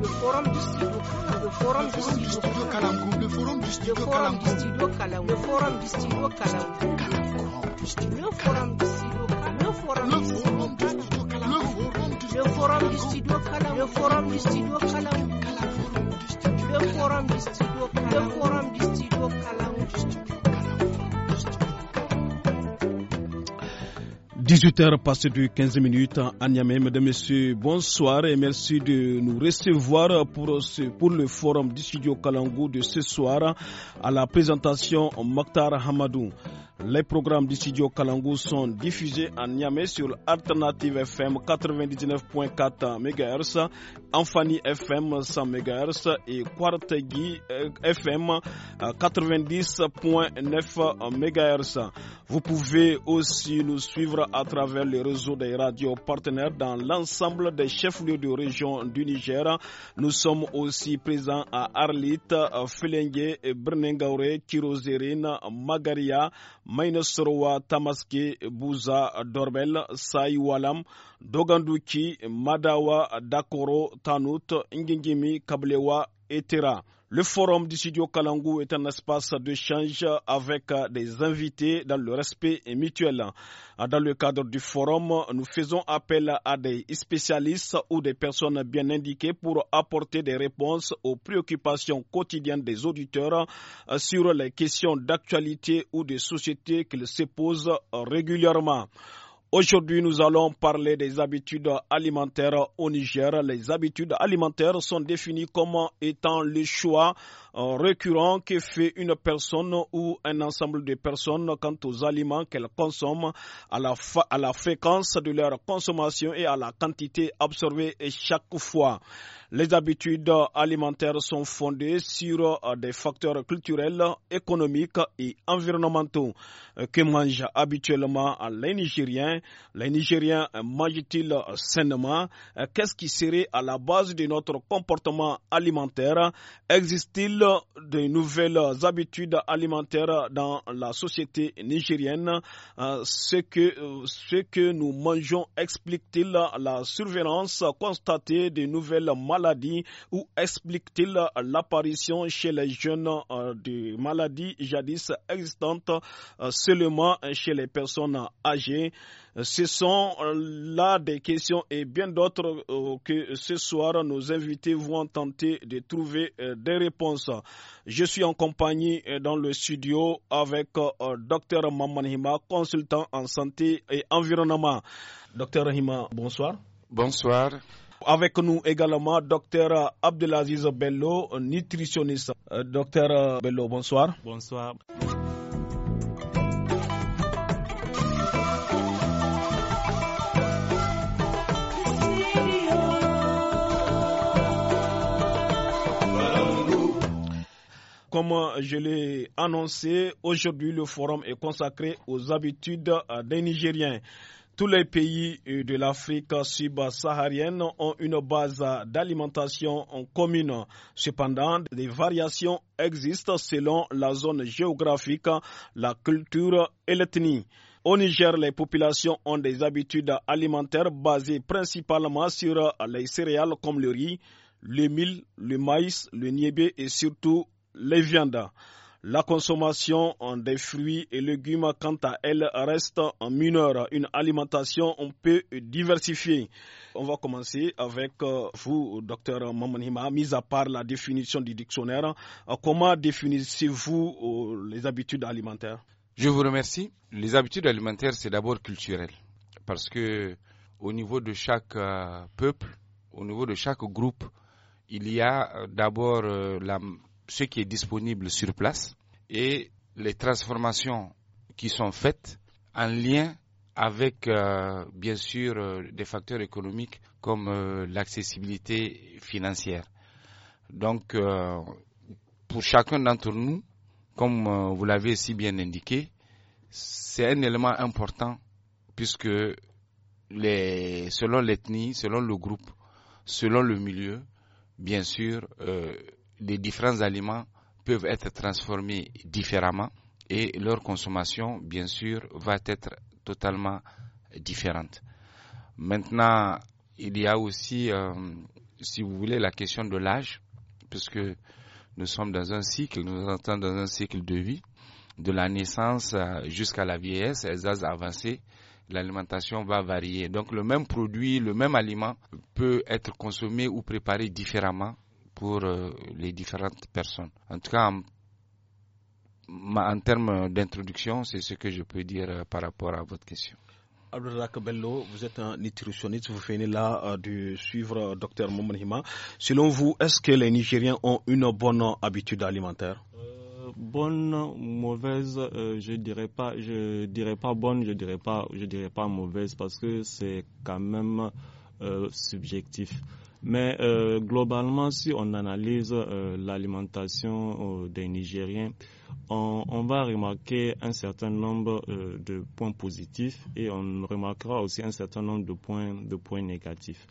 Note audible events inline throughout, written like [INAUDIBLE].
le forum du studio Kalangu le forum du studio Kalangu le forum du studio Kalangu le forum du studio Kalangu le forum du studio Kalangu le forum du studio Kalangu le forum du studio Kalangu le forum du studio Kalangu le forum du studio Kalangu le forum du studio Kalangu 18h passé de 15 minutes à Niamey. Mesdames, et Messieurs, bonsoir et merci de nous recevoir pour, pour le forum du studio Kalangou de ce soir à la présentation Mokhtar Hamadou. Les programmes du studio Kalangou sont diffusés à Niamey sur Alternative FM 99.4 MHz Anfani FM 100 MHz et Quartegui FM 90.9 MHz. Vous pouvez aussi nous suivre à travers les réseaux des radios partenaires dans l'ensemble des chefs-lieux de région du Niger. Nous sommes aussi présents à Arlit, Felengue, Brnengaure, Kirozerine, Magaria, Mainosroa, Tamaske, Bouza, Dorbel, Saïwalam, Doganduki, Madawa, Dakoro, Tanout, Ngingimi, Kablewa etera. Le forum du studio Kalangu est un espace d'échange avec des invités dans le respect mutuel. Dans le cadre du forum, nous faisons appel à des spécialistes ou des personnes bien indiquées pour apporter des réponses aux préoccupations quotidiennes des auditeurs sur les questions d'actualité ou des sociétés qu'ils se posent régulièrement. Aujourd'hui, nous allons parler des habitudes alimentaires au Niger. Les habitudes alimentaires sont définies comme étant le choix euh, récurrent que fait une personne ou un ensemble de personnes quant aux aliments qu'elles consomment, à la fréquence de leur consommation et à la quantité absorbée chaque fois. Les habitudes alimentaires sont fondées sur euh, des facteurs culturels, économiques et environnementaux euh, que mangent habituellement les Nigériens. Les Nigériens mangent-ils sainement euh, Qu'est-ce qui serait à la base de notre comportement alimentaire Existe-t-il de nouvelles habitudes alimentaires dans la société nigérienne ce que, nous mangeons explique-t-il la surveillance constatée de nouvelles maladies maladie ou explique-t-il l'apparition chez les jeunes euh, de maladies jadis existantes euh, seulement chez les personnes âgées euh, Ce sont là des questions et bien d'autres que ce soir nos invités vont tenter de trouver des réponses. Je suis en compagnie dans le studio avec Dr Maman Hima, consultant en santé et environnement. Docteur Hima, bonsoir. Bonsoir. Avec nous également, docteur Abdelaziz Bello, nutritionniste. Euh, docteur Bello, bonsoir. Bonsoir. Comme je l'ai annoncé, aujourd'hui le forum est consacré aux habitudes euh, des Nigériens. Tous les pays de l'Afrique subsaharienne ont une base d'alimentation en commune. Cependant, des variations existent selon la zone géographique, la culture et l'ethnie. Au Niger, les populations ont des habitudes alimentaires basées principalement sur les céréales comme le riz, le mil, le maïs, le niébé et surtout les viandes. La consommation des fruits et légumes, quant à elle, reste en mineure. Une alimentation on peut diversifier. On va commencer avec euh, vous, docteur Mamanima. Mis à part la définition du dictionnaire, euh, comment définissez-vous euh, les habitudes alimentaires Je vous remercie. Les habitudes alimentaires, c'est d'abord culturel. Parce que au niveau de chaque peuple, au niveau de chaque groupe, il y a d'abord la ce qui est disponible sur place et les transformations qui sont faites en lien avec euh, bien sûr euh, des facteurs économiques comme euh, l'accessibilité financière. Donc pour chacun d'entre nous, comme vous l'avez si bien indiqué, c'est un élément important puisque les, selon l'ethnie, selon le groupe, selon le milieu, bien sûr, les différents aliments peuvent être transformés différemment et leur consommation, bien sûr, va être totalement différente. Maintenant, il y a aussi, euh, si vous voulez, la question de l'âge, puisque nous sommes dans un cycle, nous entrons dans un cycle de vie, de la naissance euh, jusqu'à la vieillesse, elles âges avancées, l'alimentation va varier. Donc le même produit, le même aliment peut être consommé ou préparé différemment pour euh, les différentes personnes. En tout cas, en, termes d'introduction, c'est ce que je peux dire euh, par rapport à votre question. Abdelrak Bello, vous êtes un nutritionniste, vous venez là euh, de suivre Dr Hima. Selon vous, est-ce que les Nigériens ont une bonne habitude alimentaire Bonne, mauvaise, je dirais pas, je dirais pas bonne, je dirais pas, je dirais pas mauvaise parce que c'est quand même subjectif. Mais euh, globalement, si on analyse euh, l'alimentation euh, des Nigériens, on, va remarquer un certain nombre de points positifs et on remarquera aussi un certain nombre de points, de points négatifs.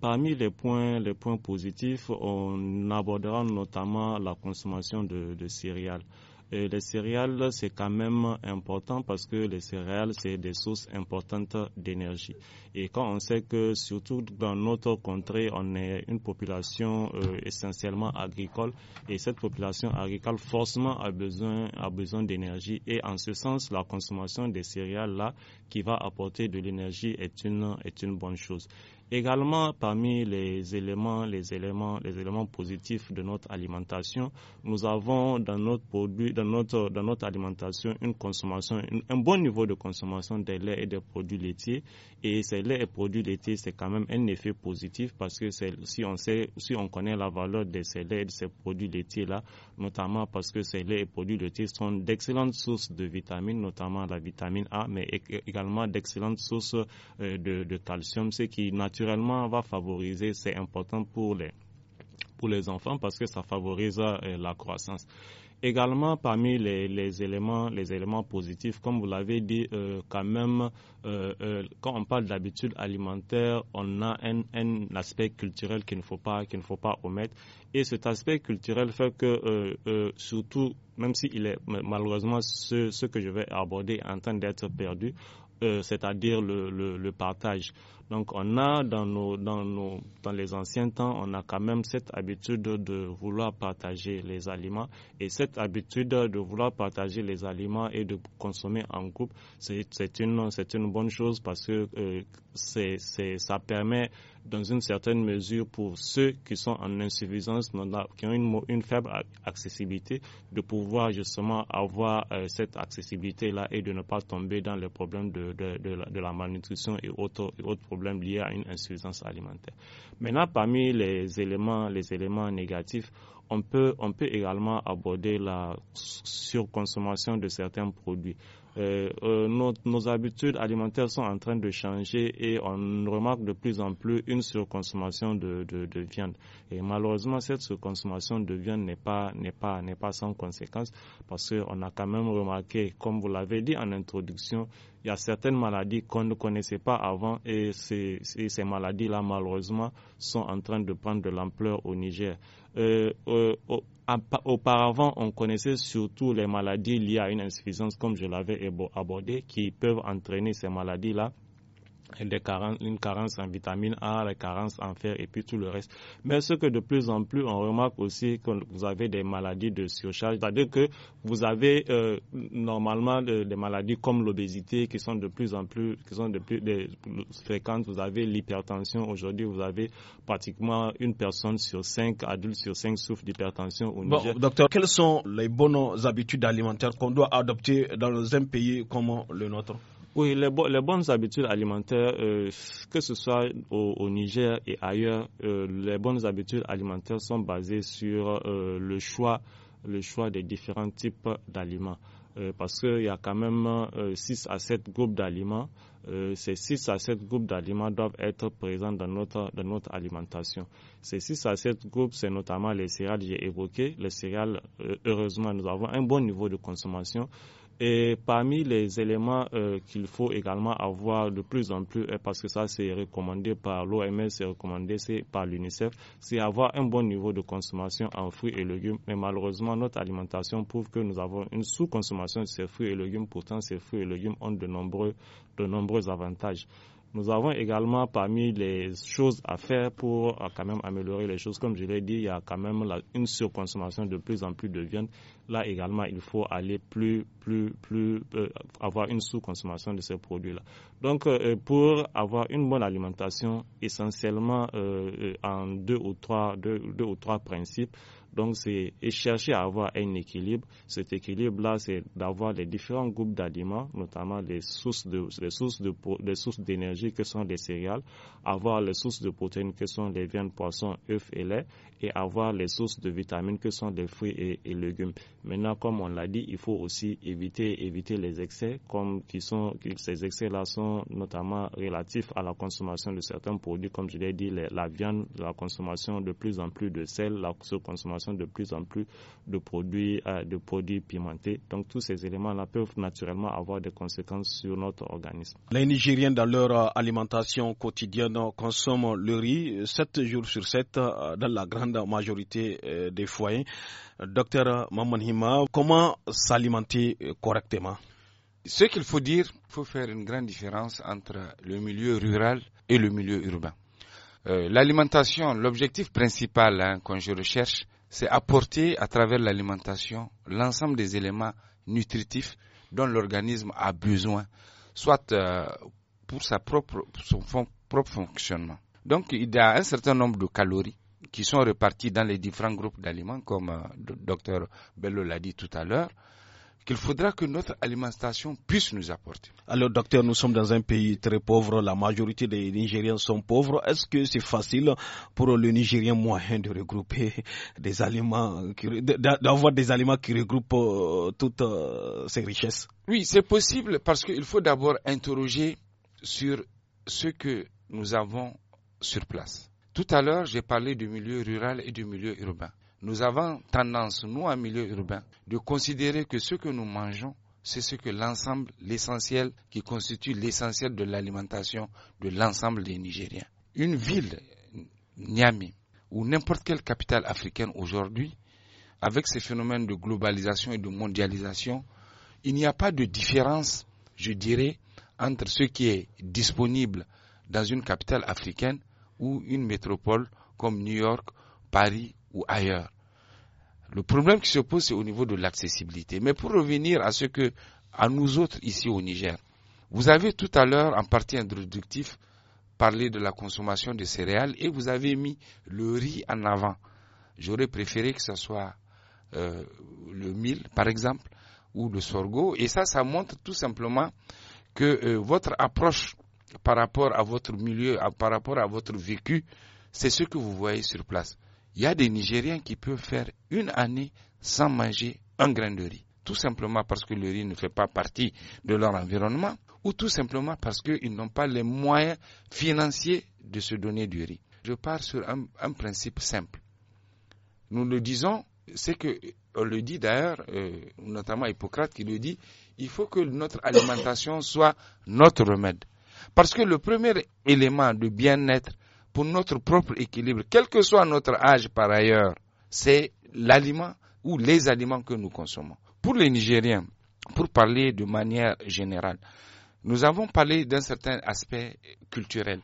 parmi les points, les points positifs, on abordera notamment la consommation de, de céréales les céréales, c'est quand même important parce que les céréales, c'est des sources importantes d'énergie. Et quand on sait que, surtout dans notre contrée, on est une population euh, essentiellement agricole, et cette population agricole, forcément, a besoin, a besoin d'énergie. Et en ce sens, la consommation des céréales, là, qui va apporter de l'énergie, est une, est une bonne chose. Également, parmi les éléments, les éléments, les éléments positifs de notre alimentation, nous avons dans notre produit, dans notre, dans notre alimentation, une consommation, un bon niveau de consommation des laits et des produits laitiers. Et ces laits et produits laitiers, c'est quand même un effet positif parce que si on sait, si on connaît la valeur de ces laits et de ces produits laitiers là, notamment parce que ces laits et produits laitiers sont d'excellentes sources de vitamines, notamment la vitamine A, mais également d'excellentes sources euh, de, de calcium, ce qui naturellement naturellement va favoriser, c'est important pour les, pour les enfants parce que ça favorise euh, la croissance. Également, parmi les, les, éléments, les éléments positifs, comme vous l'avez dit, euh, quand même, euh, quand on parle d'habitude alimentaire, on a un, un aspect culturel qu'il ne faut pas, ne faut pas omettre. Et cet aspect culturel fait que, surtout, même s'il est malheureusement ce, ce que je vais aborder en train d'être perdu, euh, c'est-à-dire le, partage. Donc on a dans, nos, dans, nos, dans les anciens temps, on a quand même cette habitude de vouloir partager les aliments et cette habitude de vouloir partager les aliments et de consommer en groupe, c'est une, une bonne chose parce que euh, c'est ça permet dans une certaine mesure pour ceux qui sont en insuffisance, qui ont une, faible accessibilité, de pouvoir justement avoir euh, cette accessibilité-là et de ne pas tomber dans les problèmes de, la, malnutrition et autres, autres, problèmes liés à une insuffisance alimentaire. Maintenant, parmi les éléments, les éléments négatifs, on peut, on peut également aborder la surconsommation de certains produits euh, euh nos, habitudes alimentaires sont en train de changer et on remarque de plus en plus une surconsommation de, viande. Et malheureusement, cette surconsommation de viande n'est pas, pas, n'est pas sans conséquence parce qu'on a quand même remarqué, comme vous l'avez dit en introduction, il y a certaines maladies qu'on ne connaissait pas avant et ces, maladies-là, malheureusement, sont en train de prendre de l'ampleur au Niger. Euh, euh, auparavant, on connaissait surtout les maladies liées à une insuffisance, comme je l'avais abordé, qui peuvent entraîner ces maladies-là une carence en vitamine A, la carence en fer et puis tout le reste. Mais ce que de plus en plus on remarque aussi que vous avez des maladies de surcharge, c'est-à-dire que vous avez euh, normalement des maladies comme l'obésité qui sont de plus en plus qui sont de plus, fréquentes. Vous avez l'hypertension aujourd'hui, vous avez pratiquement une personne sur cinq adultes sur cinq souffre d'hypertension au Niger. Bon, docteur, quelles sont les bonnes habitudes alimentaires qu'on doit adopter dans un pays comme le nôtre? Oui, les, bonnes habitudes alimentaires, euh, que ce soit au, Niger et ailleurs, euh, les bonnes habitudes alimentaires sont basées sur euh, le choix, le choix des différents types d'aliments. parce qu'il y a quand même 6 à 7 groupes d'aliments. ces 6 à 7 groupes d'aliments doivent être présents dans notre, dans notre alimentation. Ces 6 à 7 groupes, c'est notamment les céréales que j'ai évoquées. Les céréales, heureusement, nous avons un bon niveau de consommation. Et parmi les éléments euh, qu'il faut également avoir de plus en plus, euh, parce que ça c'est recommandé par l'OMS, c'est recommandé par l'UNICEF, c'est avoir un bon niveau de consommation en fruits et légumes. Mais malheureusement, notre alimentation prouve que nous avons une sous-consommation de ces fruits et légumes. Pourtant, ces fruits et légumes ont de nombreux, de nombreux avantages. Nous avons également parmi les choses à faire pour euh, quand même améliorer les choses. Comme je l'ai dit, il y a quand même une surconsommation de plus en plus de viande. Là également, il faut aller plus, plus, plus, euh, avoir une sous de ces produits-là. Donc, euh, pour avoir une bonne alimentation, essentiellement en deux ou trois, deux, deux ou trois principes, donc, c'est chercher à avoir un équilibre. Cet équilibre-là, c'est d'avoir les différents groupes d'aliments, notamment les sources de, sources de, d'énergie que sont les céréales, avoir les sources de protéines que sont les viandes, poissons, œufs et lait, et avoir les sources de vitamines que sont les fruits et, légumes. Maintenant, comme on l'a dit, il faut aussi éviter, éviter les excès, comme qui sont, ces excès-là sont notamment relatifs à la consommation de certains produits, comme je l'ai dit, la viande, la consommation de plus en plus de sel, la consommation de plus en plus de produits, euh, de produits pimentés. Donc, tous ces éléments-là peuvent naturellement avoir des conséquences sur notre organisme. Les Nigériens, dans leur euh, alimentation quotidienne, consomment le riz 7 jours sur 7 euh, dans la grande dans la majorité euh, des foyers. Docteur Maman Hima, comment s'alimenter euh, correctement Ce qu'il faut dire, il faut faire une grande différence entre le milieu rural et le milieu urbain. Euh, l'alimentation, l'objectif principal hein, quand je recherche, c'est apporter à travers l'alimentation l'ensemble des éléments nutritifs dont l'organisme a besoin, soit pour sa propre, pour son propre fonctionnement. Donc, il y a un certain nombre de calories qui sont répartis dans les différents groupes d'aliments, comme le euh, docteur Bello l'a dit tout à l'heure, qu'il faudra que notre alimentation puisse nous apporter. Alors, docteur, nous sommes dans un pays très pauvre. La majorité des Nigériens sont pauvres. Est-ce que c'est facile pour le Nigérien moyen de regrouper des aliments, d'avoir des aliments qui regroupent euh, toutes euh, ces richesses Oui, c'est possible parce qu'il faut d'abord interroger sur ce que nous avons sur place. Tout à l'heure, j'ai parlé du milieu rural et du milieu urbain. Nous avons tendance, nous, en milieu urbain, de considérer que ce que nous mangeons, c'est ce que l'ensemble, l'essentiel, qui constitue l'essentiel de l'alimentation de l'ensemble des Nigériens. Une ville, Niamey, ou n'importe quelle capitale africaine aujourd'hui, avec ces phénomènes de globalisation et de mondialisation, il n'y a pas de différence, je dirais, entre ce qui est disponible dans une capitale africaine ou une métropole comme New York, Paris ou ailleurs. Le problème qui se pose, c'est au niveau de l'accessibilité. Mais pour revenir à ce que, à nous autres ici au Niger, vous avez tout à l'heure, en partie introductif, parlé de la consommation de céréales et vous avez mis le riz en avant. J'aurais préféré que ce soit euh, le mil, par exemple, ou le sorgho. Et ça, ça montre tout simplement que euh, votre approche par rapport à votre milieu, par rapport à votre vécu, c'est ce que vous voyez sur place. Il y a des Nigériens qui peuvent faire une année sans manger un grain de riz, tout simplement parce que le riz ne fait pas partie de leur environnement, ou tout simplement parce qu'ils n'ont pas les moyens financiers de se donner du riz. Je pars sur un, principe simple. Nous le disons, c'est que, on le dit d'ailleurs, euh, notamment Hippocrate qui le dit, il faut que notre alimentation soit notre remède. Parce que le premier élément de bien-être pour notre propre équilibre, quel que soit notre âge par ailleurs, c'est l'aliment ou les aliments que nous consommons. Pour les Nigériens, pour parler de manière générale, nous avons parlé d'un certain aspect culturel.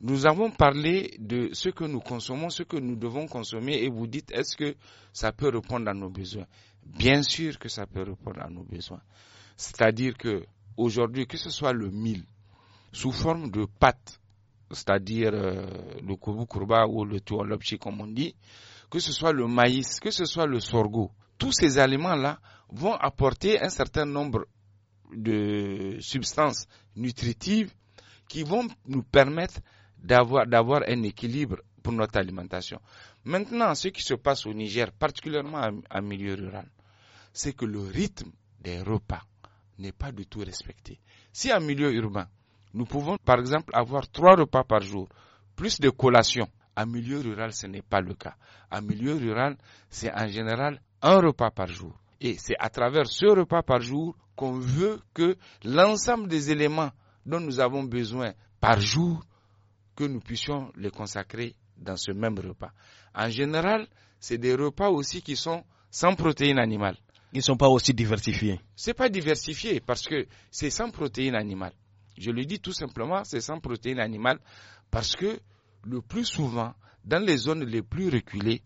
Nous avons parlé de ce que nous consommons, ce que nous devons consommer, et vous dites, est-ce que ça peut répondre à nos besoins Bien sûr que ça peut répondre à nos besoins. C'est-à-dire qu'aujourd'hui, que ce soit le mille, sous forme de pâte, c'est-à-dire euh, le koubou kourba ou le tuolopchi comme on dit, que ce soit le maïs, que ce soit le sorgho, tous ces aliments-là vont apporter un certain nombre de substances nutritives qui vont nous permettre d'avoir, d'avoir un équilibre pour notre alimentation. Maintenant, ce qui se passe au Niger, particulièrement en milieu rural, c'est que le rythme des repas n'est pas du tout respecté. Si en milieu urbain, nous pouvons, par exemple, avoir trois repas par jour, plus de collations. En milieu rural, ce n'est pas le cas. En milieu rural, c'est en général un repas par jour. Et c'est à travers ce repas par jour qu'on veut que l'ensemble des éléments dont nous avons besoin par jour, que nous puissions les consacrer dans ce même repas. En général, c'est des repas aussi qui sont sans protéines animales. Ils ne sont pas aussi diversifiés. Ce n'est pas diversifié parce que c'est sans protéines animales. Je le dis tout simplement, c'est sans protéines animales parce que le plus souvent, dans les zones les plus reculées,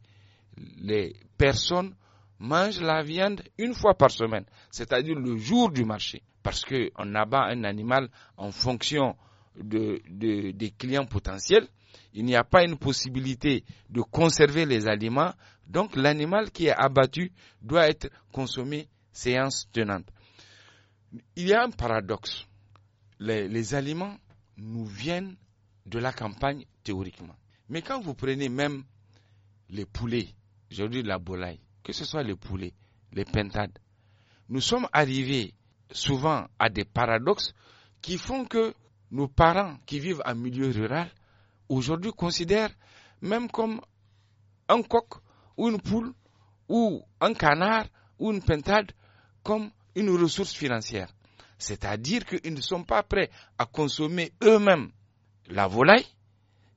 les personnes mangent la viande une fois par semaine, c'est-à-dire le jour du marché, parce qu'on abat un animal en fonction de, des clients potentiels. Il n'y a pas une possibilité de conserver les aliments, donc l'animal qui est abattu doit être consommé séance tenante. Il y a un paradoxe les, aliments nous viennent de la campagne théoriquement. Mais quand vous prenez même les poulets, aujourd'hui la bolaille que ce soit les poulets, les pentades, nous sommes arrivés souvent à des paradoxes qui font que nos parents qui vivent en milieu rural aujourd'hui considèrent même comme un coq ou une poule ou un canard ou une pentade comme une ressource financière. C'est-à-dire qu'ils ne sont pas prêts à consommer eux-mêmes la volaille,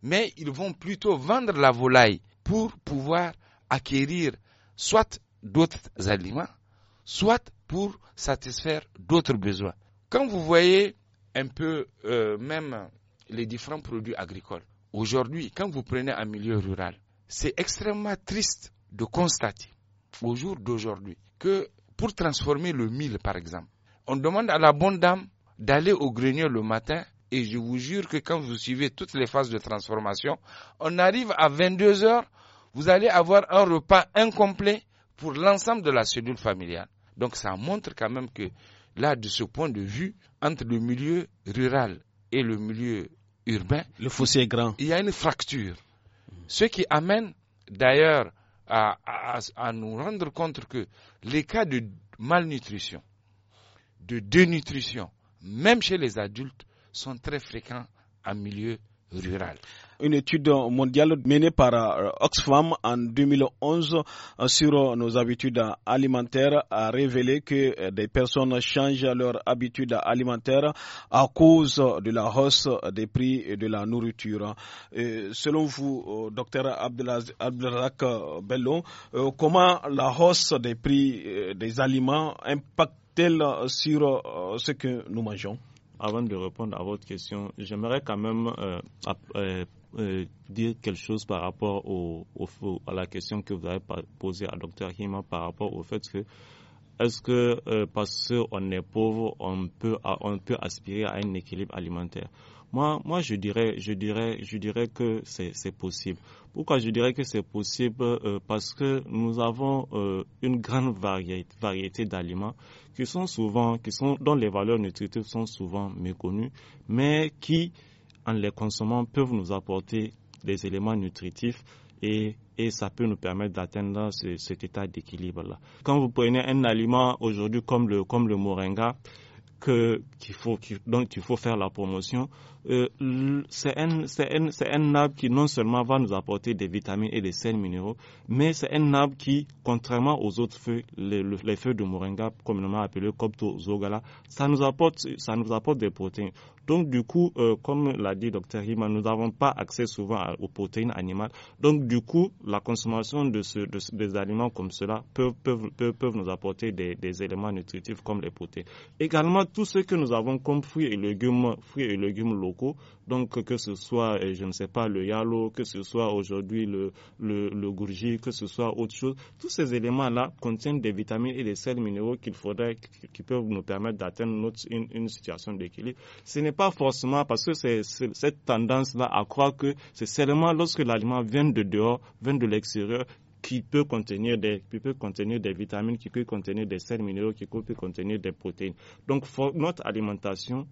mais ils vont plutôt vendre la volaille pour pouvoir acquérir soit d'autres aliments, soit pour satisfaire d'autres besoins. Quand vous voyez un peu euh, même les différents produits agricoles, aujourd'hui, quand vous prenez un milieu rural, c'est extrêmement triste de constater au jour d'aujourd'hui que pour transformer le mille, par exemple, on demande à la bonne dame d'aller au grenier le matin et je vous jure que quand vous suivez toutes les phases de transformation, on arrive à 22 heures, vous allez avoir un repas incomplet pour l'ensemble de la cellule familiale. Donc ça montre quand même que là, de ce point de vue, entre le milieu rural et le milieu urbain, le fossé est grand. Il y a une fracture. Ce qui amène d'ailleurs à, à nous rendre compte que les cas de malnutrition, de dénutrition, même chez les adultes, sont très fréquents en milieu rural. Une étude mondiale menée par euh, Oxfam en 2011 euh, sur euh, nos habitudes alimentaires a révélé que des personnes changent leurs habitudes alimentaires à cause de la hausse des prix de la nourriture. selon vous, docteur Abdelazak Bello, comment la hausse des prix des aliments impacte euh, sur euh, ce que nous mangeons Avant de répondre à votre question, j'aimerais quand même euh, dire quelque chose par rapport à la question que vous avez posée à Dr. Hima par rapport au fait que est-ce que parce qu'on est pauvre, on peut aspirer à un équilibre alimentaire moi, moi je, dirais, je, dirais, je dirais que c'est possible. Pourquoi je dirais que c'est possible euh, Parce que nous avons euh, une grande variété, d'aliments qui sont souvent, qui sont, dont les valeurs nutritives sont souvent méconnues, mais qui, en les consommant, peuvent nous apporter des éléments nutritifs et, et, ça peut nous permettre d'atteindre cet état d'équilibre-là. Quand vous prenez un aliment aujourd'hui comme le, comme le moringa, que, qu'il faut, il faut faire la promotion, euh, c'est un, un, arbre qui non seulement va nous apporter des vitamines et des sels minéraux, mais c'est un arbre qui, contrairement aux autres feux, les, feuilles feux de moringa, communément appelés zogala ça nous apporte, ça nous apporte des protéines. Donc, du coup, euh, comme l'a dit Dr. Hima, nous n'avons pas accès souvent aux protéines animales. Donc, du coup, la consommation de, des aliments comme cela peuvent, peuvent, peuvent, nous apporter des, éléments nutritifs comme les protéines. Également, tout ce que nous avons comme fruits et légumes, fruits et légumes donc que ce soit, je ne sais pas, le Yalo, que ce soit aujourd'hui le, le, Gourgi, que ce soit autre chose, tous ces éléments-là contiennent des vitamines et des sels minéraux qu'il faudrait, qui peuvent nous permettre d'atteindre une, situation d'équilibre. Ce n'est pas forcément parce que c'est cette tendance-là à croire que c'est seulement lorsque l'aliment vient de dehors, vient de l'extérieur, qui peut contenir des peut contenir des vitamines, qui peut contenir des sels minéraux, qui peut contenir des protéines. Donc notre alimentation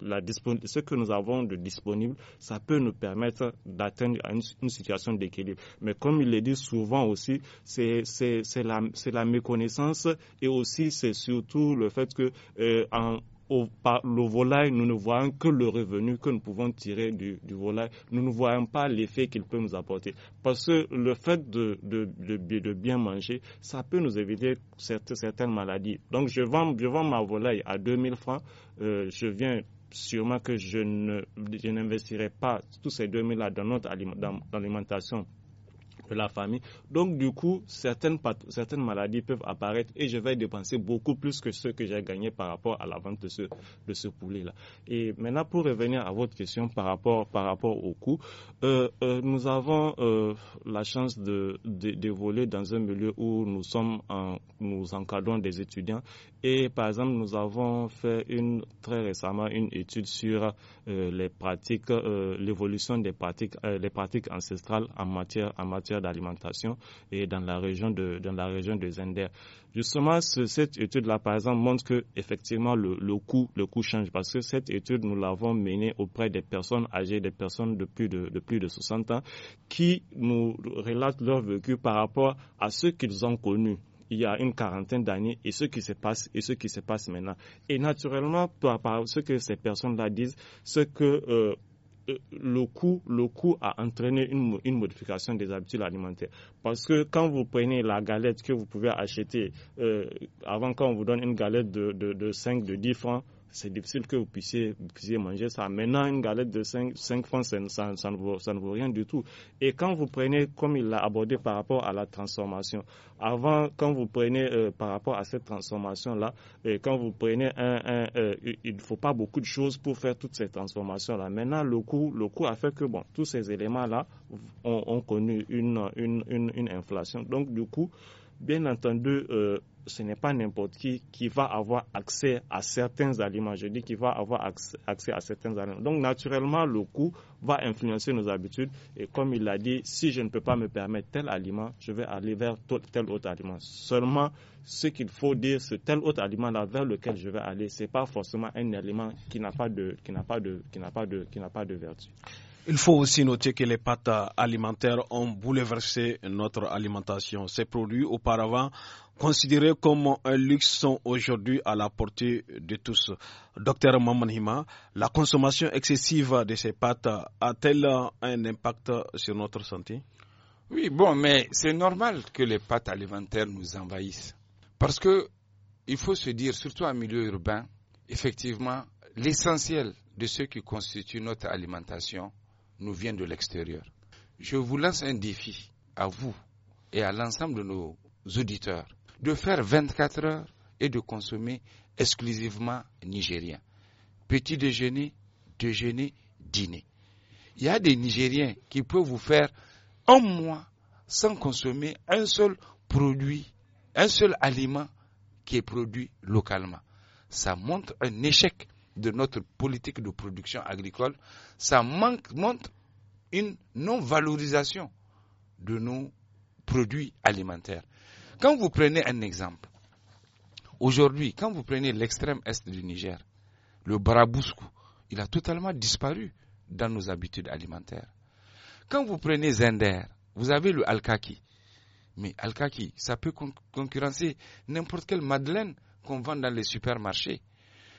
ce que nous avons de disponible, ça peut nous permettre d'atteindre une, situation d'équilibre. Mais comme il le dit souvent aussi, c'est la, méconnaissance et aussi c'est surtout le fait que euh, par le volaille, nous ne voyons que le revenu que nous pouvons tirer du, volaille. Nous ne voyons pas l'effet qu'il peut nous apporter. Parce que le fait de, bien manger, ça peut nous éviter certaines maladies. Donc, je vends, ma volaille à 2000 francs. Euh, je viens sûrement que je ne je n'investirai pas tous ces 2 000 là dans notre alimentation de la famille. Donc, du coup, certaines, certaines maladies peuvent apparaître et je vais dépenser beaucoup plus que ce que j'ai gagné par rapport à la vente de ce, de ce poulet-là. Et maintenant, pour revenir à votre question par rapport, par rapport au coût, euh, euh, nous avons euh, la chance de, d'évoluer dans un milieu où nous sommes en, nous encadrons des étudiants et par exemple, nous avons fait une, très récemment une étude sur les pratiques, l'évolution des pratiques, les pratiques ancestrales en matière, en matière d'Alimentation et dans la région de, dans la région de Zender. Justement, cette étude-là, par exemple, montre que effectivement le, le, coût, le coût change parce que cette étude, nous l'avons menée auprès des personnes âgées, des personnes de plus de, de plus de 60 ans, qui nous relatent leur vécu par rapport à ce qu'ils ont connu il y a une quarantaine d'années et ce qui se passe et ce qui se passe maintenant. Et naturellement, par, par ce que ces personnes-là disent, ce que euh, euh, le coût, le coût a entraîné une, une, modification des habitudes alimentaires. Parce que quand vous prenez la galette que vous pouvez acheter, euh, avant quand on vous donne une galette de, de, de 5, de 10 francs, c'est difficile que vous puissiez, manger ça. Maintenant, une galette de 5, francs, ça, ne vaut, ça, ne rien du tout. Et quand vous prenez, comme il l'a abordé par rapport à la transformation, avant, quand vous prenez euh, par rapport à cette transformation-là, quand vous prenez un, euh, il ne faut pas beaucoup de choses pour faire toutes ces transformations-là. Maintenant, le coût, le a fait que, bon, tous ces éléments-là ont, connu une, une, une inflation. Donc, du coup, Bien entendu, euh, ce n'est pas n'importe qui qui va avoir accès à certains aliments. Je dis qu'il va avoir accès, à certains aliments. Donc, naturellement, le coût va influencer nos habitudes. Et comme il l'a dit, si je ne peux pas me permettre tel aliment, je vais aller vers tel autre aliment. Seulement, ce qu'il faut dire, ce tel autre aliment-là vers lequel je vais aller. Ce n'est pas forcément un aliment qui n'a pas de, qui n'a pas de, qui n'a pas de, qui n'a pas de vertu. Il faut aussi noter que les pâtes alimentaires ont bouleversé notre alimentation. Ces produits auparavant considérés comme un luxe sont aujourd'hui à la portée de tous. Docteur Mamanhima, la consommation excessive de ces pâtes a-t-elle un impact sur notre santé Oui, bon, mais c'est normal que les pâtes alimentaires nous envahissent. Parce que, il faut se dire, surtout en milieu urbain, effectivement, l'essentiel de ce qui constitue notre alimentation nous vient de l'extérieur. Je vous lance un défi à vous et à l'ensemble de nos auditeurs de faire 24 heures et de consommer exclusivement nigérien. Petit déjeuner, déjeuner, dîner. Il y a des Nigériens qui peuvent vous faire un mois sans consommer un seul produit, un seul aliment qui est produit localement. Ça montre un échec de notre politique de production agricole, ça manque, montre une non-valorisation de nos produits alimentaires. Quand vous prenez un exemple, aujourd'hui, quand vous prenez l'extrême est du Niger, le Barabouskou, il a totalement disparu dans nos habitudes alimentaires. Quand vous prenez Zender, vous avez le Alkaki. Mais Alkaki, ça peut concurrencer n'importe quelle madeleine qu'on vend dans les supermarchés.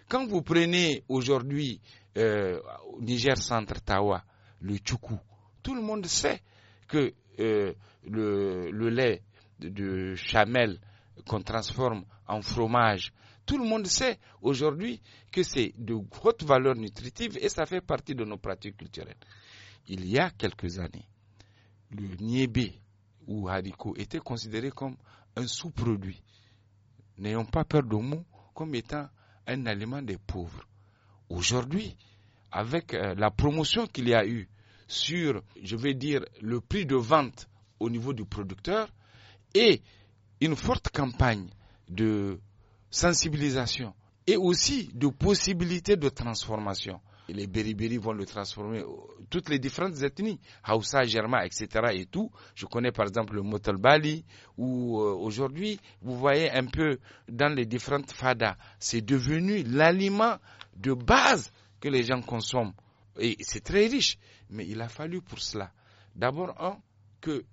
Quand vous prenez aujourd'hui au euh, Niger Centre Tawa, le Tchoukou, tout le monde sait que euh, le, lait de, chamel qu'on transforme en fromage, tout le monde sait aujourd'hui que c'est de haute valeur nutritive et ça fait partie de nos pratiques culturelles. Il y a quelques années, le niébé ou haricot était considéré comme un sous-produit. N'ayons pas peur de mots comme étant un aliment des pauvres. Aujourd'hui, avec euh, la promotion qu'il y a eu sur, je vais dire, le prix de vente au niveau du producteur et une forte campagne de sensibilisation et aussi de possibilités de transformation les béribéris vont le transformer. Toutes les différentes ethnies, Hausa, Germa, etc. et tout. Je connais par exemple le Bali, où euh, aujourd'hui, vous voyez un peu dans les différentes fadas, c'est devenu l'aliment de base que les gens consomment. Et c'est très riche. Mais il a fallu pour cela, d'abord, que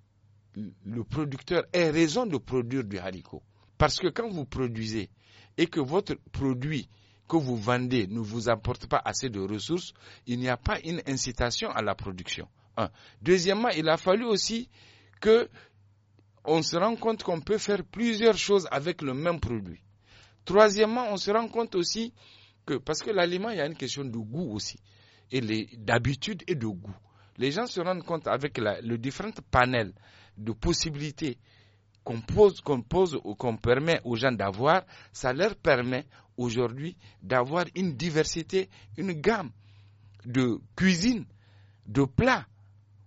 le producteur ait raison de produire du haricot. Parce que quand vous produisez et que votre produit que vous vendez ne vous apporte pas assez de ressources, il n'y a pas une incitation à la production. Deuxièmement, il a fallu aussi que on se rende compte qu'on peut faire plusieurs choses avec le même produit. Troisièmement, on se rend compte aussi que, parce que l'aliment, il y a une question de goût aussi, et d'habitude et de goût. Les gens se rendent compte avec le différent panel de possibilités qu'on pose, qu'on ou qu'on permet aux gens d'avoir, ça leur permet aujourd'hui d'avoir une diversité, une gamme de cuisine, de plats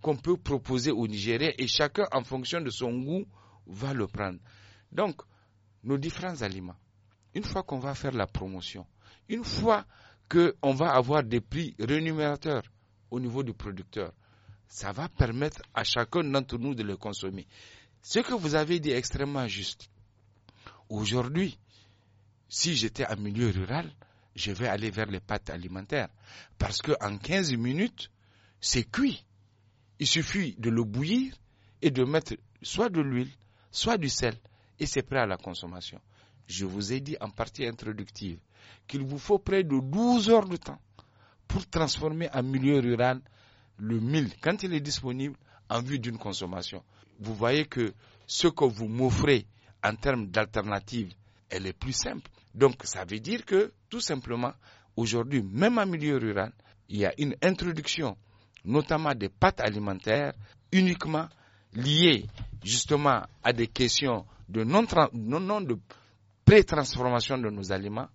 qu'on peut proposer aux Nigériens et chacun en fonction de son goût va le prendre. Donc, nos différents aliments, une fois qu'on va faire la promotion, une fois qu'on va avoir des prix rémunérateurs au niveau du producteur, ça va permettre à chacun d'entre nous de le consommer. Ce que vous avez dit est extrêmement juste. Aujourd'hui, si j'étais en milieu rural, je vais aller vers les pâtes alimentaires. Parce que en 15 minutes, c'est cuit. Il suffit de le bouillir et de mettre soit de l'huile, soit du sel, et c'est prêt à la consommation. Je vous ai dit en partie introductive qu'il vous faut près de 12 heures de temps pour transformer en milieu rural le mille, quand il est disponible, en vue d'une consommation vous voyez que ce que vous m'offrez en termes d'alternative, elle est plus simple. Donc ça veut dire que tout simplement, aujourd'hui, même en milieu rural, il y a une introduction, notamment des pâtes alimentaires, uniquement liées justement à des questions de non, de pré-transformation de nos aliments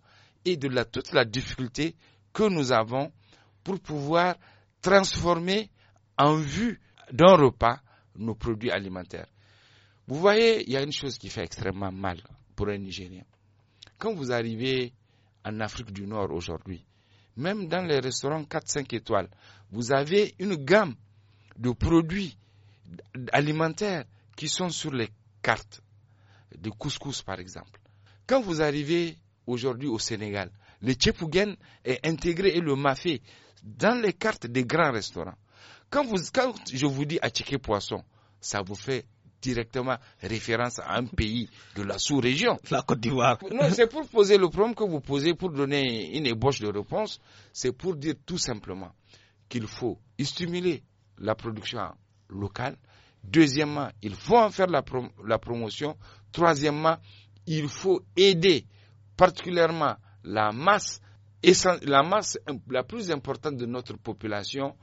et de toute la difficulté que nous avons pour pouvoir transformer en vue d'un repas nos produits alimentaires. Vous voyez, il y a une chose qui fait extrêmement mal pour un Nigérien. Quand vous arrivez en Afrique du Nord aujourd'hui, même dans les restaurants 4-5 étoiles, vous avez une gamme de produits alimentaires qui sont sur les cartes de couscous, par exemple. Quand vous arrivez aujourd'hui au Sénégal, le tchepougen est intégré et le mafé dans les cartes des grands restaurants. Quand, vous, quand je vous dis à poisson, ça vous fait directement référence à un pays de la sous-région. La Côte d'Ivoire. c'est pour poser le problème que vous posez, pour donner une ébauche de réponse, c'est pour dire tout simplement qu'il faut stimuler la production locale. Deuxièmement, il faut en faire la, promotion. Troisièmement, il faut aider particulièrement la masse, la masse la plus importante de notre population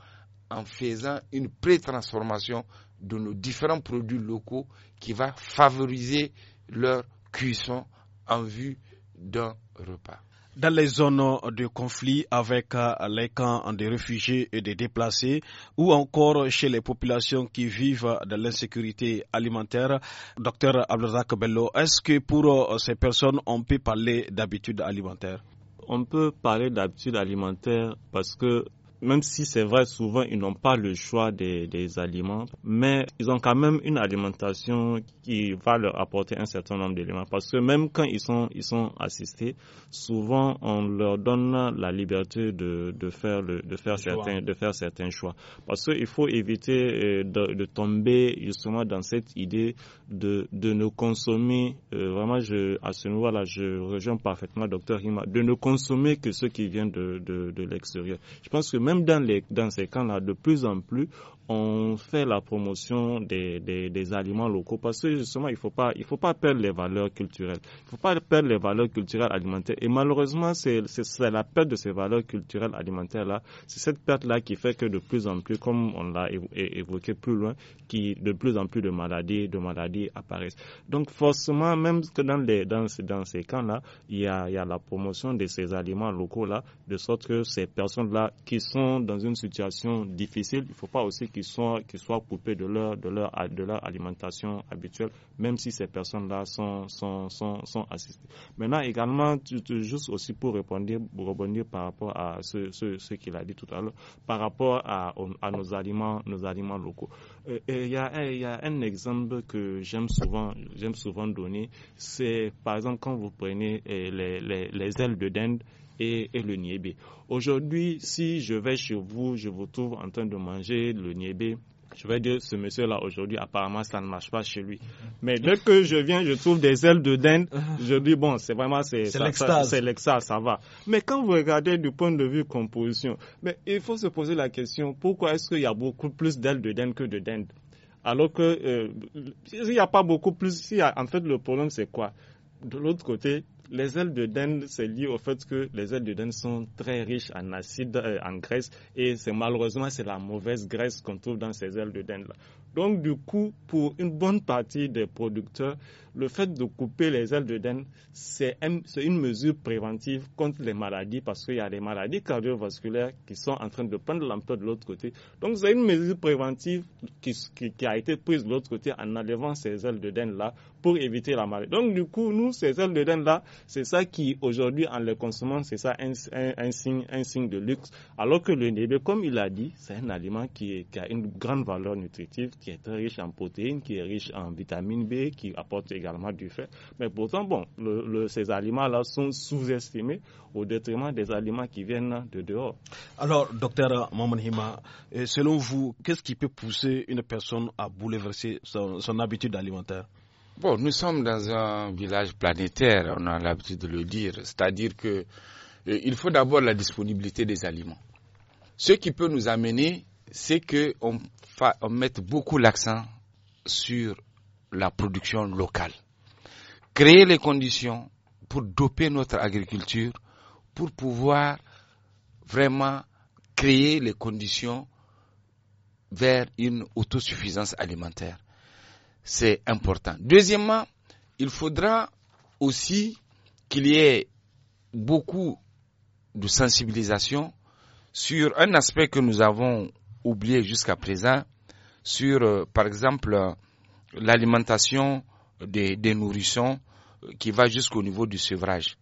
en faisant une pré-transformation de nos différents produits locaux qui va favoriser leur cuisson en vue d'un repas. Dans les zones de conflit avec euh, les camps de réfugiés et des déplacés ou encore chez les populations qui vivent de l'insécurité alimentaire, docteur Abdelzak Bello, est-ce que pour euh, ces personnes, on peut parler d'habitude alimentaire on peut parler d'habitude alimentaire parce que même si c'est vrai, souvent, ils n'ont pas le choix des, des, aliments, mais ils ont quand même une alimentation qui va leur apporter un certain nombre d'éléments. Parce que même quand ils sont, ils sont assistés, souvent, on leur donne la liberté de, de faire, le, de, faire certains, de faire certains choix. Parce qu'il faut éviter euh, de, de, tomber justement dans cette idée de, de ne consommer, euh, vraiment, je, à ce niveau-là, je rejoins parfaitement docteur Hima, de ne consommer que ce qui vient de, de l'extérieur. Je pense que même même dans, ces camps-là, de plus en plus, on fait la promotion des, des, aliments locaux parce que justement, il ne faut, pas, il faut pas perdre les valeurs culturelles. Il ne faut pas perdre les valeurs culturelles alimentaires. Et malheureusement, c'est la perte de ces valeurs culturelles alimentaires-là. C'est cette perte-là qui fait que de plus en plus, comme on l'a évoqué plus loin, qui, de plus en plus de maladies, de maladies apparaissent. Donc forcément, même que dans, les, dans, dans ces camps-là, il y a, il y a la promotion de ces aliments locaux-là, de sorte que ces personnes-là qui sont dans une situation difficile, il ne faut pas aussi qui, soient coupés de leur, de, leur, de leur alimentation habituelle, même si ces personnes-là sont, sont, sont, sont, assistées. Maintenant, également, juste aussi pour répondre, rebondir par rapport à ce, ce, ce qu'il a dit tout à l'heure, par rapport à, nos, aliments, nos aliments locaux. Euh, il y, a, y a un exemple que j'aime souvent, souvent donner, c'est par exemple quand vous prenez euh, les, les, les ailes de dinde, et, le niébé. Aujourd'hui, si je vais chez vous, je vous trouve en train de manger le niébé, je vais dire, ce monsieur-là, aujourd'hui, apparemment, ça ne marche pas chez lui. Mais dès que je viens, je trouve des ailes de dinde, je dis, bon, c'est vraiment, c'est c'est ça, ça va. Mais quand vous regardez du point de vue composition, il faut se poser la question, pourquoi est-ce qu'il y a beaucoup plus d'ailes de dinde que de dinde? Alors que, s'il euh, n'y a pas beaucoup plus, en fait, le problème, c'est quoi? de l'autre côté, les ailes de dinde, c'est lié au fait que les ailes de dinde sont très riches en acide, euh, en graisse, et c'est malheureusement c'est la mauvaise graisse qu'on trouve dans ces ailes de dinde là. Donc du coup, pour une bonne partie des producteurs, le fait de couper les ailes de denne, c'est une mesure préventive contre les maladies parce qu'il y a des maladies cardiovasculaires qui sont en train de prendre l'ampleur de l'autre côté. Donc c'est une mesure préventive qui, qui, a été prise de l'autre côté en enlevant ces ailes de denne là pour éviter la maladie. Donc du coup, nous, ces ailes de denne là, c'est ça qui aujourd'hui en les consommant, c'est ça un, signe, un signe de luxe. Alors que le nébé, comme il a dit, c'est un aliment qui, qui a une grande valeur nutritive, qui est très riche en protéines, qui est riche en vitamine B, qui apporte également du fait. Mais pourtant, bon, le, ces aliments-là sont sous-estimés au détriment des aliments qui viennent de dehors. Alors, docteur Mamanhima, euh, selon vous, qu'est-ce qui peut pousser une personne à bouleverser son, habitude alimentaire Bon, nous sommes dans un village planétaire, on a l'habitude de le dire, c'est-à-dire que euh, il faut d'abord la disponibilité des aliments. Ce qui peut nous amener, c'est que on mette beaucoup l'accent sur la production locale, créer les conditions pour doper notre agriculture, pour pouvoir vraiment créer les conditions vers une autosuffisance alimentaire. C'est important. Deuxièmement, il faudra aussi qu'il y ait beaucoup de sensibilisation sur un aspect que nous avons oublié jusqu'à présent, sur, euh, par exemple, l'alimentation des, nourrissons euh, qui va jusqu'au niveau du sevrage.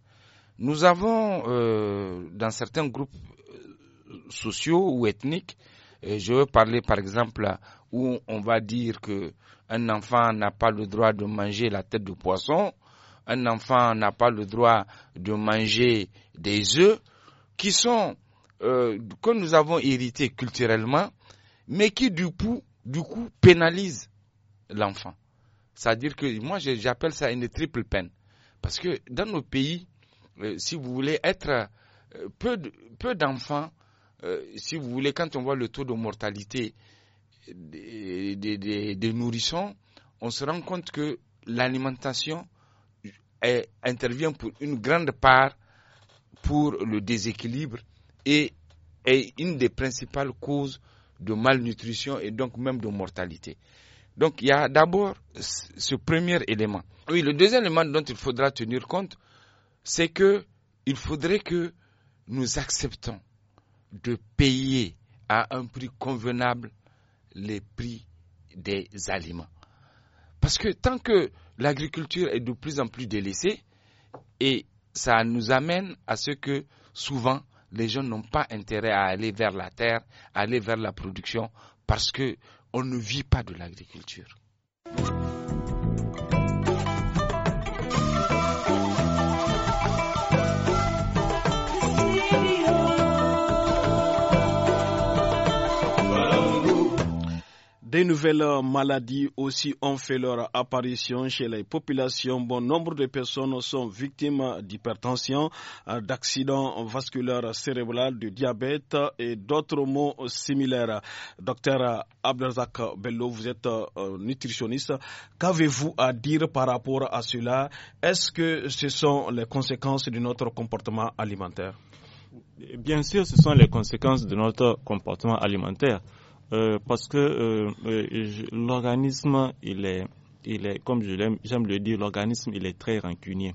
Nous avons euh, dans certains groupes euh, sociaux ou ethniques, je veux parler par exemple où on va dire que un enfant n'a pas le droit de manger la tête de poisson, un enfant n'a pas le droit de manger des œufs qui sont que nous avons hérité culturellement, mais qui du coup, du coup pénalisent l'enfant. C'est-à-dire que moi, j'appelle ça une triple peine. Parce que dans nos pays, euh, si vous voulez être euh, peu, d'enfants, euh, si vous voulez, quand on voit le taux de mortalité des nourrissons, on se rend compte que l'alimentation intervient pour une grande part pour le déséquilibre et est une des principales causes de malnutrition et donc même de mortalité. Donc il y a d'abord ce premier élément. Oui, le deuxième élément dont il faudra tenir compte, c'est que il faudrait que nous acceptons de payer à un prix convenable les prix des aliments. Parce que tant que l'agriculture est de plus en plus délaissée, et ça nous amène à ce que souvent les gens n'ont pas intérêt à aller vers la terre, à aller vers la production, parce que on ne vit pas de l'agriculture. Des nouvelles maladies aussi ont fait leur apparition chez les populations. Bon nombre de personnes sont victimes d'hypertension, euh, d'accidents vasculaires cérébraux, de diabète et d'autres mots similaires. Docteur Abdelzak Bello, vous êtes euh, nutritionniste. Qu'avez-vous à dire par rapport à cela Est-ce que ce sont les conséquences de notre comportement alimentaire Bien sûr, ce sont les conséquences de notre comportement alimentaire. Euh, parce que euh, euh l'organisme, il est, il est, comme je l'aime, j'aime le dire, l'organisme, il est très rancunier.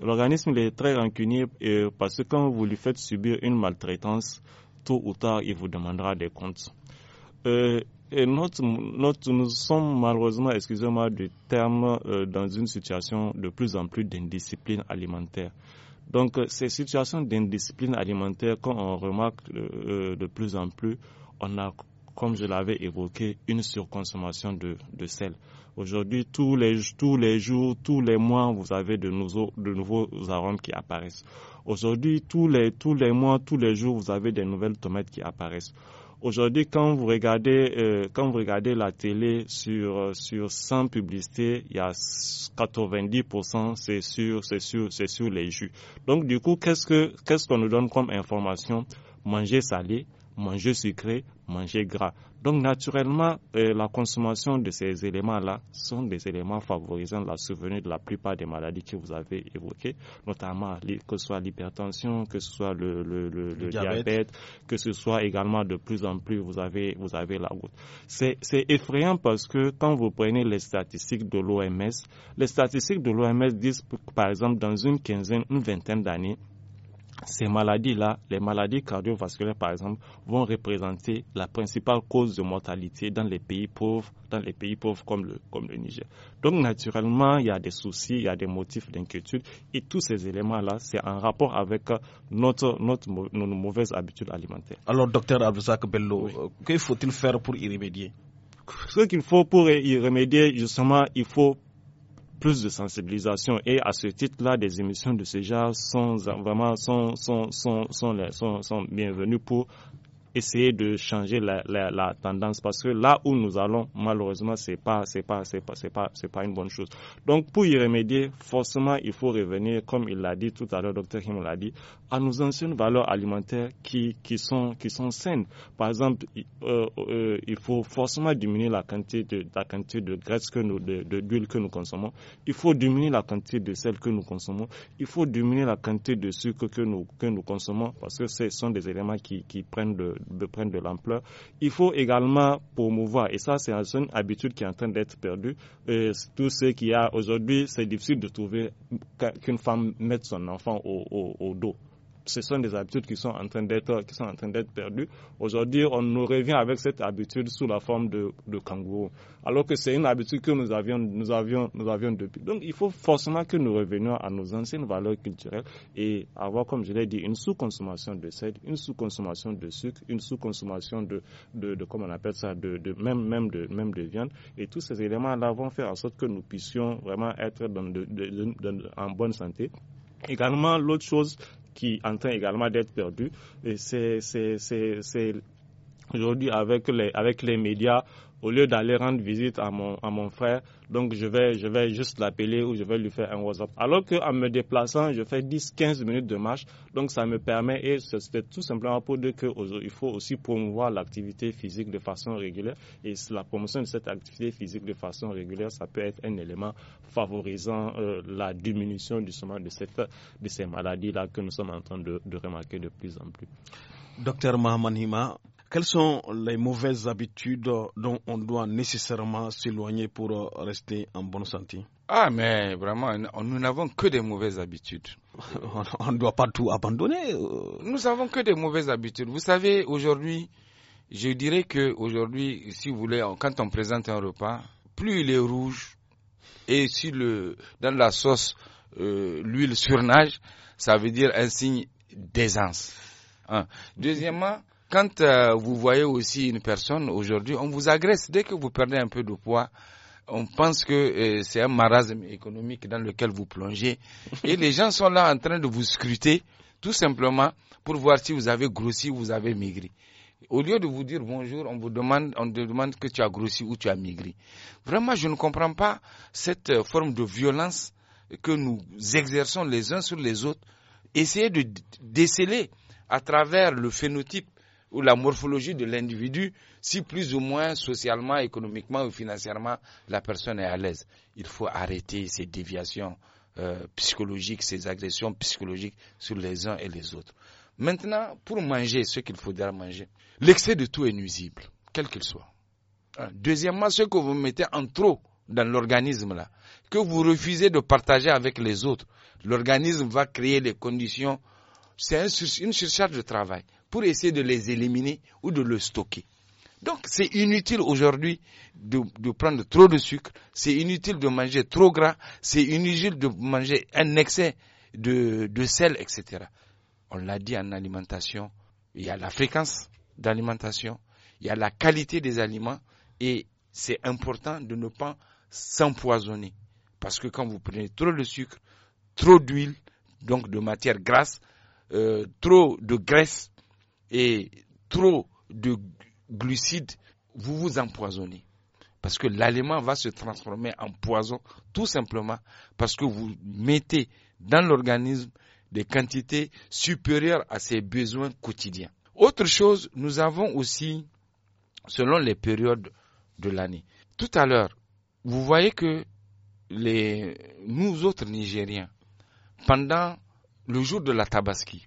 L'organisme, il est très rancunier euh, parce que quand vous lui faites subir une maltraitance, tôt ou tard, il vous demandera des comptes. Euh, et nous sommes malheureusement, excusez-moi du terme, dans une situation de plus en plus d'indiscipline alimentaire. Donc ces situations d'indiscipline alimentaire, quand on remarque de plus en plus, on a comme je l'avais évoqué, une surconsommation de, de sel. Aujourd'hui, tous les, tous les jours, tous les mois, vous avez de nouveaux, de nouveaux arômes qui apparaissent. Aujourd'hui, tous les, tous les mois, tous les jours, vous avez des nouvelles tomates qui apparaissent. Aujourd'hui, quand vous regardez, euh, quand vous regardez la télé sur, sur 100 publicités, il y a 90%, c'est sûr, c'est sûr, c'est sûr les jus. Donc, du coup, qu'est-ce que, qu'est-ce qu'on nous donne comme information? Manger salé, manger sucré, manger gras. Donc naturellement, euh, la consommation de ces éléments-là sont des éléments favorisant la survenue de la plupart des maladies que vous avez évoquées, notamment que ce soit l'hypertension, que ce soit le, le, le, diabète. que ce soit également de plus en plus, vous avez, vous avez la route. C'est effrayant parce que quand vous prenez les statistiques de l'OMS, les statistiques de l'OMS disent, par exemple, dans une quinzaine, une vingtaine d'années, ces maladies-là, les maladies cardiovasculaires par exemple, vont représenter la principale cause de mortalité dans les pays pauvres, dans les pays pauvres comme le, comme le Niger. Donc naturellement, il y a des soucis, il y a des motifs d'inquiétude et tous ces éléments-là, c'est en rapport avec notre, notre, nos mauvaises habitudes alimentaires. Alors, docteur Abdousak Bello, que faut-il faire pour y remédier ce qu'il faut pour y remédier, justement, il faut plus de sensibilisation. Et à ce titre-là, des émissions de ce genre sont vraiment sont, sont, sont, sont, sont bienvenues pour essayer de changer la, la, la, tendance parce que là où nous allons, malheureusement, c'est pas, c'est pas, c'est pas, c'est pas, c'est pas une bonne chose. Donc, pour y remédier, forcément, il faut revenir, comme il l'a dit tout à l'heure, docteur Him l'a dit, à nos anciennes valeurs alimentaires qui, qui sont, qui sont saines. Par exemple, euh, euh, il faut forcément diminuer la quantité de, la quantité de graisse que nous, de, d'huile que nous consommons. Il faut diminuer la quantité de sel que nous consommons. Il faut diminuer la quantité de sucre que nous, que nous consommons parce que ce sont des éléments qui, qui prennent de, de prendre de l'ampleur. Il faut également promouvoir, et ça c'est une habitude qui est en train d'être perdue, tout ce qu'il y a aujourd'hui, c'est difficile de trouver qu'une femme mette son enfant au dos ce sont des habitudes qui sont en train d'être qui sont en train d'être perdues. Aujourd'hui, on nous revient avec cette habitude sous la forme de, de kangourou, alors que c'est une habitude que nous avions nous avions nous avions depuis. Donc, il faut forcément que nous revenions à nos anciennes valeurs culturelles et avoir, comme je l'ai dit, une sous-consommation de sel, une sous-consommation de sucre, une sous-consommation de, de, de comment on appelle ça, de, de même même de même de viande. Et tous ces éléments-là vont faire en sorte que nous puissions vraiment être dans de, en bonne santé Également, l'autre chose qui est en train également d'être perdue, c'est aujourd'hui avec les, avec les médias, au lieu d'aller rendre visite à mon, à mon frère, donc je vais, je vais juste l'appeler ou je vais lui faire un WhatsApp. Alors qu'en me déplaçant, je fais 10-15 minutes de marche, donc ça me permet, et c'était tout simplement pour dire qu'il faut aussi promouvoir l'activité physique de façon régulière, et la promotion de cette activité physique de façon régulière, ça peut être un élément favorisant euh, la diminution justement de, cette, de ces maladies-là que nous sommes en train de, de remarquer de plus en plus. Docteur Mahaman Hima, quelles sont les mauvaises habitudes dont on doit nécessairement s'éloigner pour euh, rester en bonne santé Ah, mais vraiment, nous n'avons que des mauvaises habitudes. [LAUGHS] on ne doit pas tout abandonner. Euh. Nous n'avons que des mauvaises habitudes. Vous savez, aujourd'hui, je dirais que aujourd'hui, si vous voulez, quand on présente un repas, plus il est rouge et si le dans la sauce euh, l'huile surnage, ça veut dire un signe d'aisance. Hein. Deuxièmement, quand euh, vous voyez aussi une personne aujourd'hui, on vous agresse dès que vous perdez un peu de poids. On pense que euh, c'est un marasme économique dans lequel vous plongez. [LAUGHS] Et les gens sont là en train de vous scruter, tout simplement, pour voir si vous avez grossi ou vous avez maigri. Au lieu de vous dire bonjour, on vous demande, on demande que tu as grossi ou tu as maigri. Vraiment, je ne comprends pas cette euh, forme de violence que nous exerçons les uns sur les autres. Essayez de déceler à travers le phénotype ou la morphologie de l'individu, si plus ou moins socialement, économiquement ou financièrement la personne est à l'aise. Il faut arrêter ces déviations euh, psychologiques, ces agressions psychologiques sur les uns et les autres. Maintenant, pour manger ce qu'il faudra manger, l'excès de tout est nuisible, quel qu'il soit. Hein? Deuxièmement, ce que vous mettez en trop dans l'organisme là, que vous refusez de partager avec les autres, l'organisme va créer les conditions. C'est une surcharge de travail pour essayer de les éliminer ou de le stocker. Donc c'est inutile aujourd'hui de, prendre trop de sucre, c'est inutile de manger trop gras, c'est inutile de manger un excès de, sel, etc. On l'a dit en alimentation, il y a la fréquence d'alimentation, il y a la qualité des aliments et c'est important de ne pas s'empoisonner. Parce que quand vous prenez trop de sucre, trop d'huile, donc de matière grasse, euh, trop de graisse, et trop de glucides, vous vous empoisonnez. Parce que l'aliment va se transformer en poison tout simplement parce que vous mettez dans l'organisme des quantités supérieures à ses besoins quotidiens. Autre chose, nous avons aussi, selon les périodes de l'année. Tout à l'heure, vous voyez que les, nous autres Nigériens, pendant le jour de la Tabaski,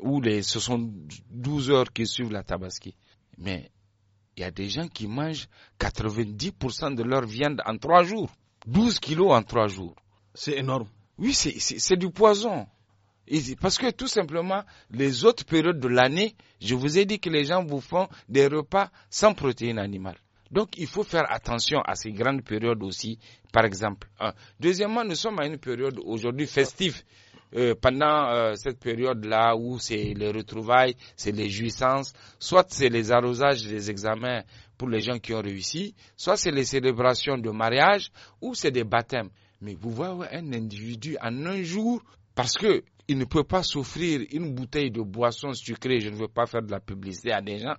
ou les 72 heures qui suivent la tabaski. Mais il y a des gens qui mangent 90% de leur viande en 3 jours. 12 kilos en 3 jours. C'est énorme. Oui, c'est du poison. parce que tout simplement, les autres périodes de l'année, je vous ai dit que les gens vous font des repas sans protéines animales. Donc il faut faire attention à ces grandes périodes aussi, par exemple. Deuxièmement, nous sommes à une période aujourd'hui festive. Euh, pendant euh, cette période-là où c'est les retrouvailles, c'est les jouissances, soit c'est les arrosages des examens pour les gens qui ont réussi, soit c'est les célébrations de mariage ou c'est des baptêmes. Mais vous voyez un individu en un jour, parce que il ne peut pas s'offrir une bouteille de boisson sucrée, je ne veux pas faire de la publicité à des gens,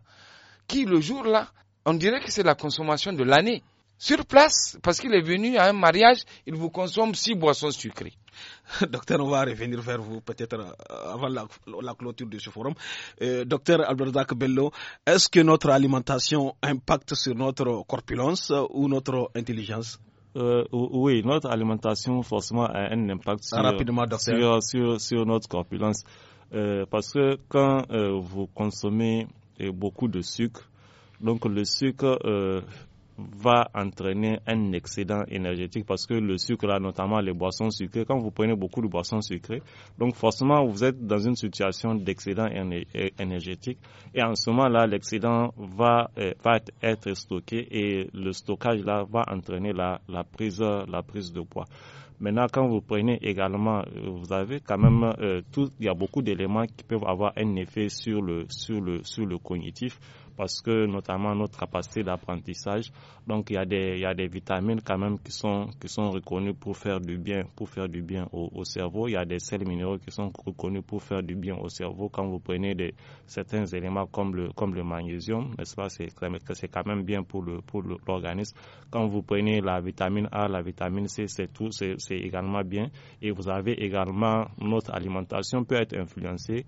qui le jour-là, on dirait que c'est la consommation de l'année. Sur place, parce qu'il est venu à un mariage, il vous consomme six boissons sucrées. [LAUGHS] docteur, on va revenir vers vous peut-être euh, avant la, clôture de ce forum. Euh, docteur Albert Bello, est-ce que notre alimentation impacte sur notre corpulence ou notre intelligence euh, oui, notre alimentation forcément a un impact sur, sur, notre corpulence. parce que quand vous consommez beaucoup de sucre, donc le sucre va entraîner un excédent énergétique parce que le sucre, là, notamment les boissons sucrées, quand vous prenez beaucoup de boissons sucrées, donc forcément vous êtes dans une situation d'excédent énergétique et en ce moment-là, l'excédent va, euh, va être stocké et le stockage là va entraîner la, prise, la prise de poids. Maintenant, quand vous prenez également, euh, vous avez quand même euh, tout, il y a beaucoup d'éléments qui peuvent avoir un effet sur le, sur le, sur le cognitif parce que notamment notre capacité d'apprentissage. Donc il y, a des, il y a des vitamines quand même qui sont, qui sont reconnues pour faire du bien, pour faire du bien au, cerveau. Il y a des sels minéraux qui sont reconnus pour faire du bien au cerveau. Quand vous prenez des, certains éléments comme le, comme le magnésium, n'est-ce pas, c'est quand même bien pour le Pour l'organisme. Quand vous prenez la vitamine A, la vitamine C, c'est tout, c'est également bien. Et vous avez également notre alimentation peut être influencée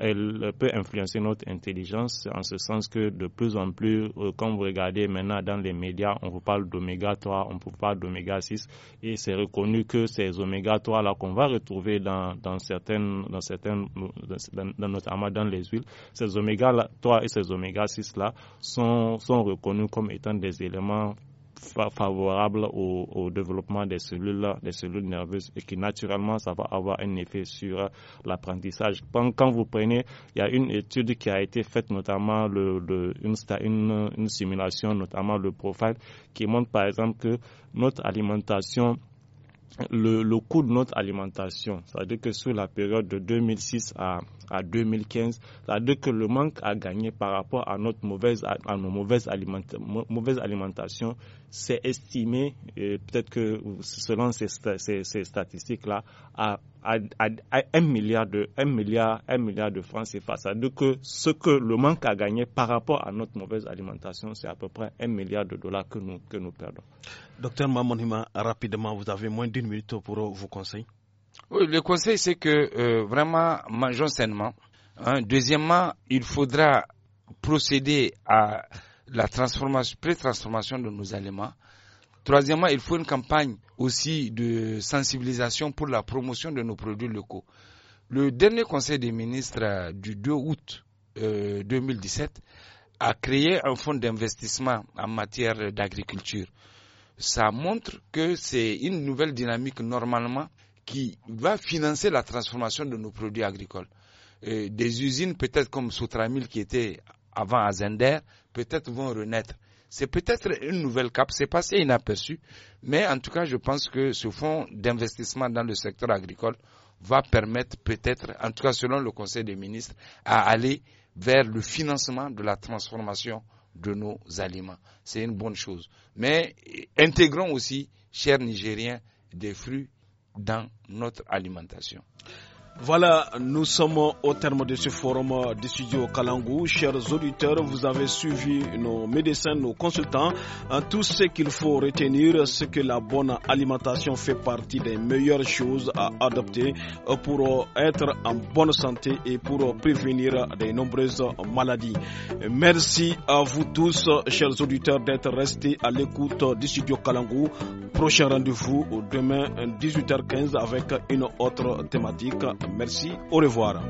elle peut influencer notre intelligence en ce sens que de plus en plus, quand euh, vous regardez maintenant dans les médias, on vous parle d'oméga 3, on vous parle d'oméga 6 et c'est reconnu que ces oméga 3 là qu'on va retrouver dans, dans certaines, dans certaines, notamment dans les huiles, ces oméga 3 et ces oméga 6 là sont, sont reconnus comme étant des éléments favorable au, au, développement des cellules, des cellules nerveuses et qui naturellement ça va avoir un effet sur l'apprentissage. Quand vous prenez, il y a une étude qui a été faite notamment le, une, une, simulation notamment le profil, qui montre par exemple que notre alimentation le, le, coût de notre alimentation. C'est-à-dire que sur la période de 2006 à, à 2015, c'est-à-dire que le manque à gagner par rapport à notre mauvaise, à nos mauvaises, mauvaises alimentation c'est estimé, peut-être que selon ces, statistiques-là, à, à, 1 milliard de milliard, de francs CFA. Ça ce que le manque à gagner par rapport à notre mauvaise alimentation, c'est à peu près 1 milliard de dollars que nous, perdons. Docteur Mamonima, rapidement, vous avez moins d'une minute pour vos conseils. Oui, le conseil, c'est que euh, vraiment, mangeons sainement. Hein, deuxièmement, il faudra procéder à la transformation, pré-transformation de nos aliments. Troisièmement, il faut une campagne aussi de sensibilisation pour la promotion de nos produits locaux. Le dernier Conseil des ministres euh, du 2 août 2017 euh, a créé un fonds d'investissement en matière d'agriculture. Ça montre que c'est une nouvelle dynamique normalement qui va financer la transformation de nos produits agricoles. Euh, des usines peut-être comme Sotramil qui était avant Azender, peut-être vont renaître. C'est peut-être une nouvelle cap, c'est passé inaperçu, mais en tout cas, je pense que ce fonds d'investissement dans le secteur agricole va permettre peut-être, en tout cas selon le Conseil des ministres, à aller vers le financement de la transformation de nos aliments. C'est une bonne chose. Mais intégrons aussi, chers Nigériens, des fruits dans notre alimentation. Voilà, nous sommes au terme de ce forum du studio Kalangou. Chers auditeurs, vous avez suivi nos médecins, nos consultants. Hein, tout ce qu'il faut retenir, c'est que la bonne alimentation fait partie des meilleures choses à adopter euh, pour euh, être en bonne santé et pour euh, prévenir de nombreuses maladies. Merci à vous tous, chers auditeurs, d'être restés à l'écoute du studio Kalangou. Prochain rendez-vous demain 18h15 avec une autre thématique. Merci, au revoir.